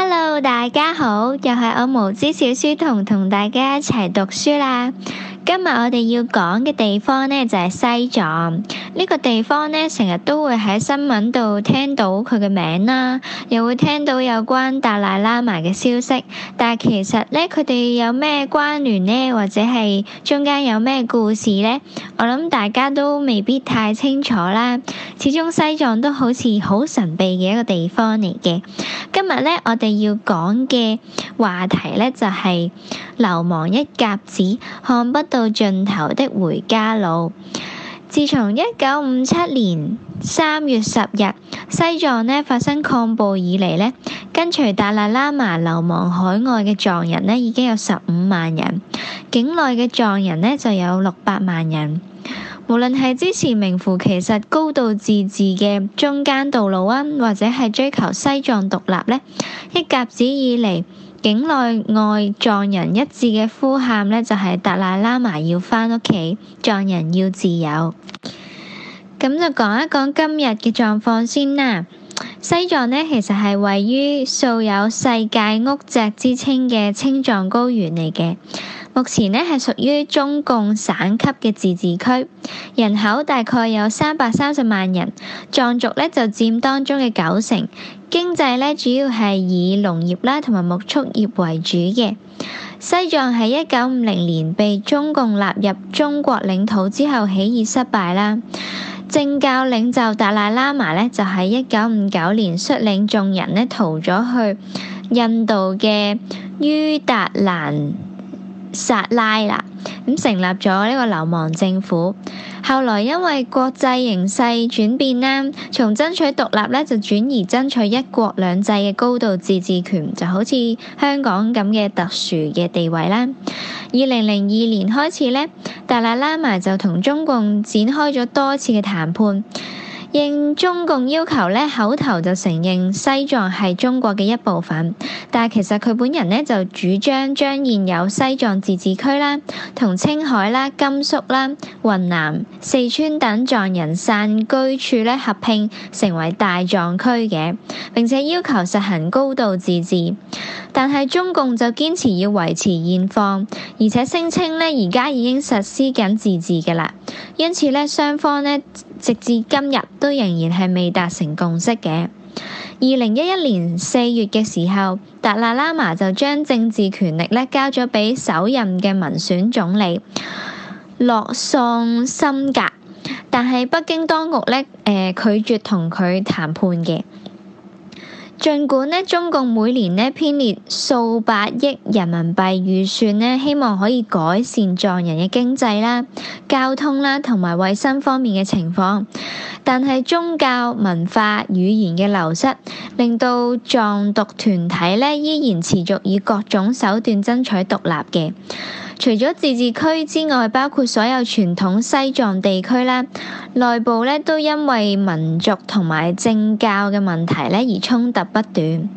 Hello，大家好，又係我無知小書童同大家一齊讀書啦。今日我哋要講嘅地方呢，就係西藏。呢個地方呢，成日都會喺新聞度聽到佢嘅名啦，又會聽到有關達賴喇嘛嘅消息。但係其實呢，佢哋有咩關聯呢？或者係中間有咩故事呢？我諗大家都未必太清楚啦。始終西藏都好似好神秘嘅一個地方嚟嘅。今日呢，我哋要講嘅話題呢，就係流亡一甲子，看不到盡頭的回家路。自從一九五七年三月十日西藏呢發生抗暴以嚟呢，跟隨達賴喇嘛流亡海外嘅藏人呢已經有十五萬人，境內嘅藏人呢就有六百萬人。無論係支持名副其實高度自治嘅中間道路啊，或者係追求西藏獨立呢，一甲子以嚟。境內外藏人一致嘅呼喊呢，就係達賴喇嘛要返屋企，藏人要自由。咁就講一講今日嘅狀況先啦。西藏呢，其實係位於素有世界屋脊之稱嘅青藏高原嚟嘅。目前呢，係屬於中共省級嘅自治區，人口大概有三百三十萬人。藏族呢就佔當中嘅九成。經濟呢主要係以農業啦同埋牧畜業為主嘅。西藏喺一九五零年被中共納入中國領土之後起義失敗啦。政教領袖達賴喇嘛呢就喺一九五九年率領眾人呢逃咗去印度嘅於達蘭薩拉啦，咁成立咗呢個流亡政府。後來因為國際形勢轉變啦，從爭取獨立咧就轉移爭爭取一國兩制嘅高度自治權，就好似香港咁嘅特殊嘅地位啦。二零零二年開始呢，達賴喇嘛就同中共展開咗多次嘅談判。應中共要求咧，口頭就承認西藏係中國嘅一部分，但係其實佢本人咧就主張將現有西藏自治區啦、同青海啦、甘肅啦、雲南、四川等藏人散居處咧合併成為大藏區嘅，並且要求實行高度自治。但係中共就堅持要維持現況，而且聲稱咧而家已經實施緊自治㗎喇。因此呢，雙方呢，直至今日都仍然係未達成共識嘅。二零一一年四月嘅時候，達賴喇嘛就將政治權力呢交咗俾首任嘅民選總理洛桑森格，但係北京當局呢，呃、拒絕同佢談判嘅。儘管咧中共每年咧編列數百億人民幣預算咧，希望可以改善藏人嘅經濟啦、交通啦同埋衛生方面嘅情況，但係宗教文化語言嘅流失，令到藏獨團體咧依然持續以各種手段爭取獨立嘅。除咗自治區之外，包括所有傳統西藏地區咧，內部咧都因為民族同埋政教嘅問題咧而衝突不斷。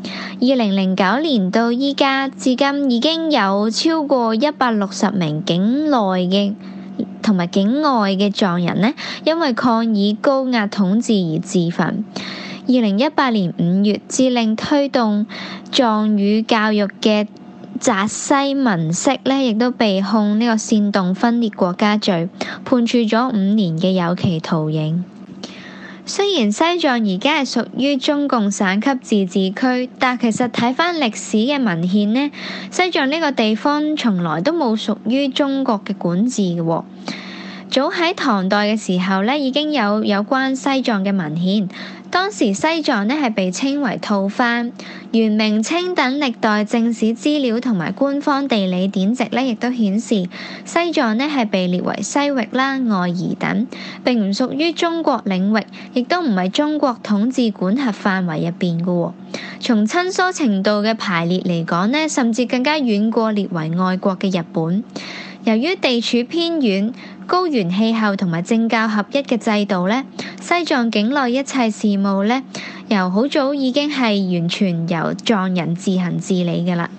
二零零九年到依家至今，已經有超過一百六十名境內嘅同埋境外嘅藏人呢，因為抗議高壓統治而自焚。二零一八年五月，指令推動藏語教育嘅。扎西文色咧，亦都被控呢個煽動分裂國家罪，判處咗五年嘅有期徒刑。雖然西藏而家係屬於中共省級自治區，但其實睇翻歷史嘅文獻呢，西藏呢個地方從來都冇屬於中國嘅管治嘅。早喺唐代嘅時候咧，已經有有關西藏嘅文獻。當時西藏咧係被稱為吐蕃，元、明、清等歷代正史資料同埋官方地理典籍咧，亦都顯示西藏咧係被列為西域啦、外夷等，並唔屬於中國領域，亦都唔係中國統治管轄範圍入邊嘅。從親疏程度嘅排列嚟講咧，甚至更加遠過列為外國嘅日本。由於地處偏遠、高原氣候同埋政教合一嘅制度咧，西藏境內一切事務咧，由好早已經係完全由藏人自行治理嘅啦。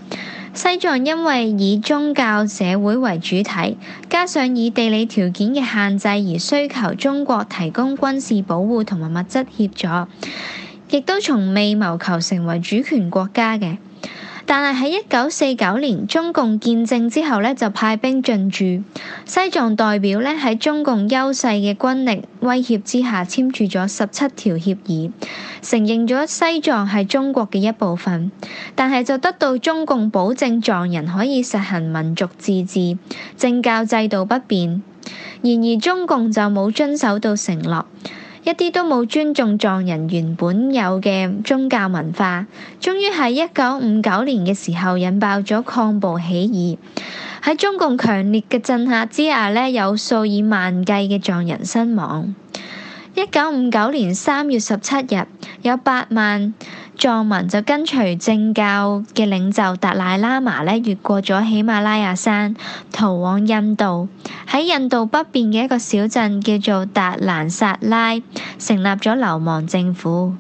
西藏因為以宗教社會為主體，加上以地理條件嘅限制而需求中國提供軍事保護同埋物質協助，亦都從未謀求成為主權國家嘅。但係喺一九四九年中共建政之後呢，就派兵進駐，西藏代表呢喺中共優勢嘅軍力威脅之下，簽署咗十七條協議，承認咗西藏係中國嘅一部分。但係就得到中共保證，藏人可以實行民族自治，政教制度不變。然而，中共就冇遵守到承諾。一啲都冇尊重藏人原本有嘅宗教文化，終於喺一九五九年嘅時候引爆咗抗暴起義。喺中共強烈嘅鎮壓之下呢，有數以萬計嘅藏人身亡。一九五九年三月十七日，有八萬藏民就跟隨政教嘅領袖達賴喇嘛呢，越過咗喜馬拉雅山，逃往印度。喺印度北邊嘅一個小鎮叫做達蘭薩拉，成立咗流亡政府。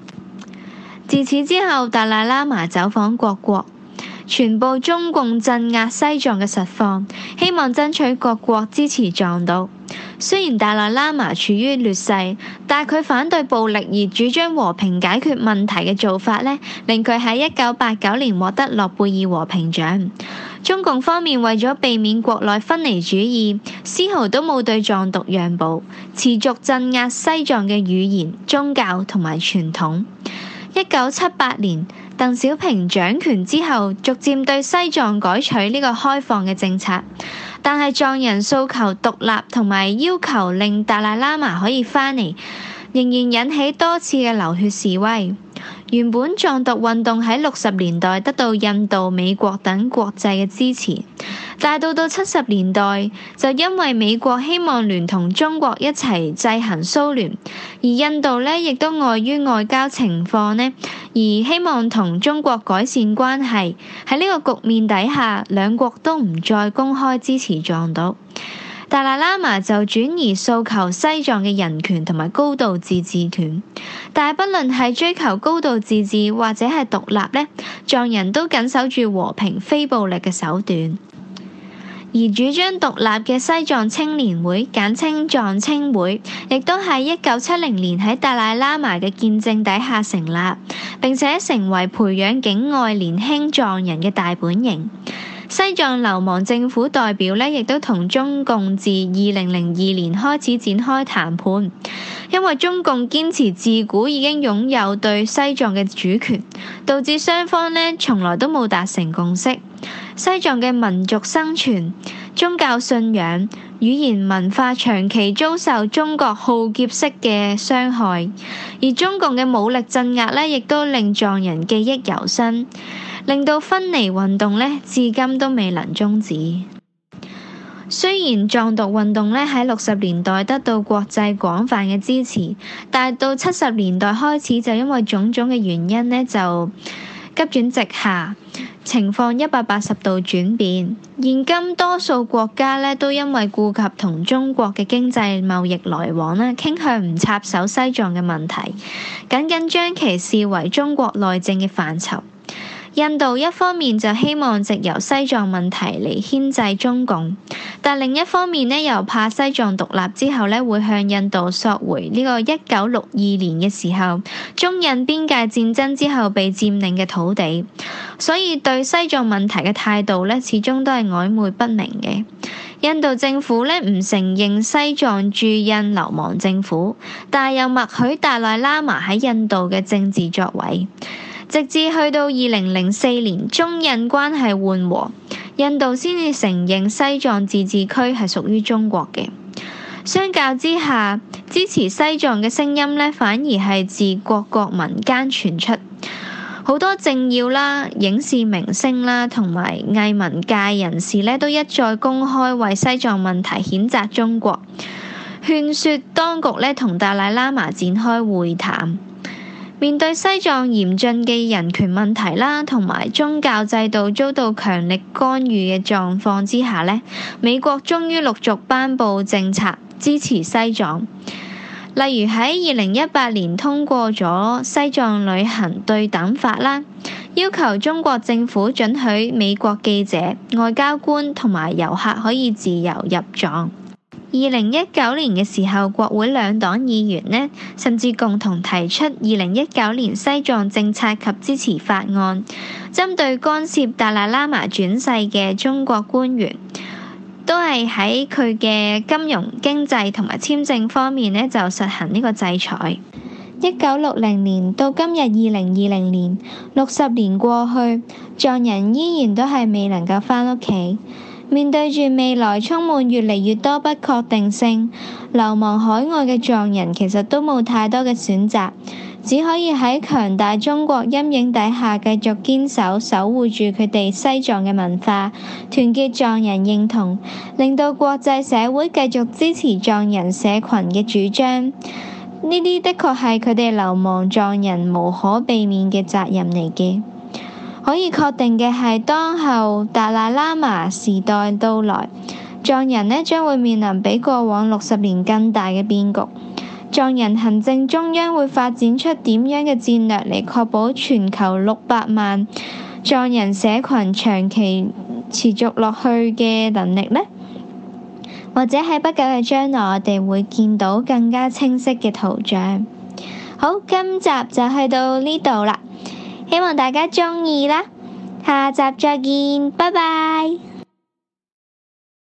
自此之後，達賴喇嘛走訪各國，傳播中共鎮壓西藏嘅實況，希望爭取各國支持藏獨。雖然達賴喇嘛處於劣勢，但佢反對暴力而主張和平解決問題嘅做法呢，令佢喺一九八九年獲得諾貝爾和平獎。中共方面為咗避免國內分離主義，絲毫都冇對藏獨讓步，持續鎮壓西藏嘅語言、宗教同埋傳統。一九七八年，鄧小平掌權之後逐漸對西藏改取呢個開放嘅政策，但係藏人訴求獨立同埋要求令達賴喇嘛可以翻嚟，仍然引起多次嘅流血示威。原本藏獨運動喺六十年代得到印度、美國等國際嘅支持，但到到七十年代就因為美國希望聯同中國一齊制衡蘇聯，而印度呢亦都礙於外交情況呢，而希望同中國改善關係。喺呢個局面底下，兩國都唔再公開支持藏獨。達賴喇嘛就轉移訴求西藏嘅人權同埋高度自治權，但係不論係追求高度自治或者係獨立呢，藏人都緊守住和平、非暴力嘅手段。而主張獨立嘅西藏青年會，簡稱藏青會，亦都係一九七零年喺達賴喇嘛嘅見證底下成立，並且成為培養境外年輕藏人嘅大本營。西藏流亡政府代表呢亦都同中共自二零零二年開始展開談判，因為中共堅持自古已經擁有對西藏嘅主權，導致雙方呢從來都冇達成共識，西藏嘅民族生存、宗教信仰、語言文化長期遭受中國浩劫式嘅傷害，而中共嘅武力鎮壓呢亦都令藏人記憶猶新，令到分離運動咧，至今都未能終止。雖然藏獨運動咧喺六十年代得到國際廣泛嘅支持，但係到七十年代開始就因為種種嘅原因咧，就急轉直下，情況一百八十度轉變。現今多數國家咧都因為顧及同中國嘅經濟貿易來往咧，傾向唔插手西藏嘅問題，僅僅將其視為中國內政嘅範疇。印度一方面就希望藉由西藏問題嚟牽制中共，但另一方面呢，又怕西藏獨立之後呢，會向印度索回呢個一九六二年嘅時候中印邊界戰爭之後被佔領嘅土地，所以對西藏問題嘅態度呢，始終都係曖昧不明嘅。印度政府呢，唔承認西藏駐印流亡政府，但又默許達賴喇嘛喺印度嘅政治作為。直至去到二零零四年中印關係緩和，印度先至承認西藏自治區係屬於中國嘅。相較之下，支持西藏嘅聲音呢，反而係自各國民間傳出，好多政要啦、影視明星啦同埋藝文界人士呢，都一再公開為西藏問題譴責中國，勸説當局呢，同達賴喇嘛展開會談。面對西藏嚴峻嘅人權問題啦，同埋宗教制度遭到強力干預嘅狀況之下呢，美國終於陸續頒布政策支持西藏。例如喺二零一八年通過咗西藏旅行對等法啦，要求中國政府准許美國記者、外交官同埋遊客可以自由入藏。二零一九年嘅時候，國會兩黨議員呢，甚至共同提出《二零一九年西藏政策及支持法案》，針對干涉達賴喇嘛轉世嘅中國官員，都係喺佢嘅金融、經濟同埋簽證方面呢，就實行呢個制裁。一九六零年到今日二零二零年，六十年過去，藏人依然都係未能夠返屋企。面對住未來充滿越嚟越多不確定性，流亡海外嘅藏人其實都冇太多嘅選擇，只可以喺強大中國陰影底下繼續堅守，守護住佢哋西藏嘅文化，團結藏人認同，令到國際社會繼續支持藏人社群嘅主張。呢啲的確係佢哋流亡藏人無可避免嘅責任嚟嘅。可以確定嘅係，當後達賴喇嘛時代到來，藏人呢將會面臨比過往六十年更大嘅變局。藏人行政中央會發展出點樣嘅戰略嚟確保全球六百萬藏人社群長期持續落去嘅能力呢？或者喺不久嘅將來，我哋會見到更加清晰嘅圖像。好，今集就去到呢度啦。希望大家鍾意啦，下集再見，拜拜。